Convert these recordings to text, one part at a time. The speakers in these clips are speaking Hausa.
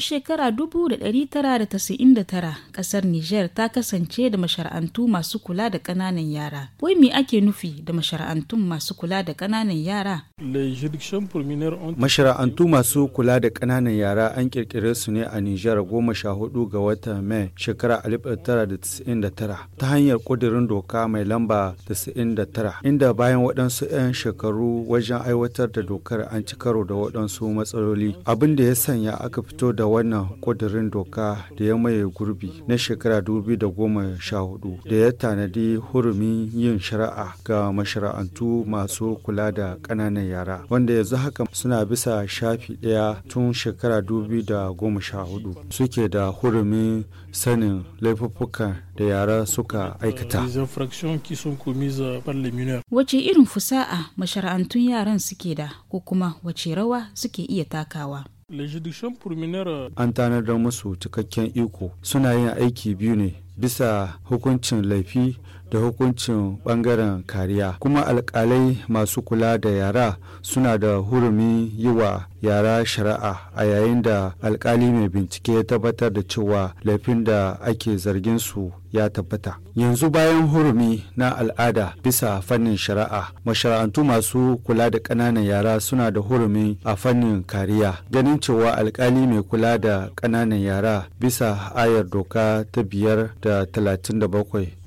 shekara 1999 kasar Nijar ta kasance da mashara'antu masu kula da ƙananan yara. Wai me ake nufi da mashara'antun masu kula da ƙananan yara? Mashara'antu masu kula da ƙananan yara an ƙirƙire su ne a Nijar goma sha hudu ga watan Mai shekara 1999 ta hanyar ƙudurin doka mai lamba 99 inda bayan waɗansu 'yan shekaru wajen aiwatar da dokar an ci karo da waɗansu matsaloli abin da ya sanya aka fito da wannan kudirin doka da ya maye gurbi na shekara 2014 da ya tanadi hurumin yin shari'a ga mashara'antu masu kula da ƙananan yara wanda yanzu haka suna bisa shafi ɗaya tun shekara 2014 suke da hurumin sanin laifukan da yara suka aikata. Wace irin fusa'a mashara'antun yaran suke da ko kuma wace rawa suke iya takawa? Euh, An da musu cikakken iko suna yin aiki biyu ne bisa hukuncin laifi da hukuncin bangaren kariya kuma alkalai masu kula da yara suna da hurumi yi wa yara shari'a a yayin da alkali mai bincike ya tabbatar da cewa laifin da ake zargin su ya tabbata yanzu bayan hurumi na al'ada bisa fannin shari'a mashara'antu masu kula da ƙananan yara suna da hurumi a fannin kariya ganin cewa alkali mai kula da ƙananan yara bisa ayar doka ta biyar da talatin da bakwai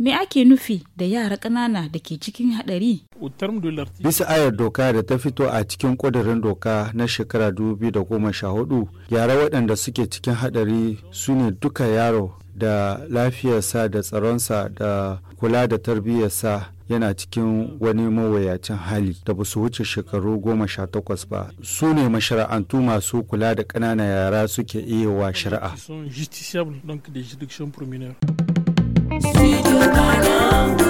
Me ake nufi da yara ƙanana da ke cikin haɗari? Bisa ayar doka da ta fito a cikin ƙudurin doka na shekara sha hudu yara waɗanda suke cikin haɗari su ne duka yaro da lafiyarsa da tsaronsa da kula da tarbiyyarsa yana cikin wani mawuyacin hali da ba su wuce shekaru goma sha takwas ba su ne mashara'antu masu kula da ƙanana yara suke iya wa shari'a. Studio Banango.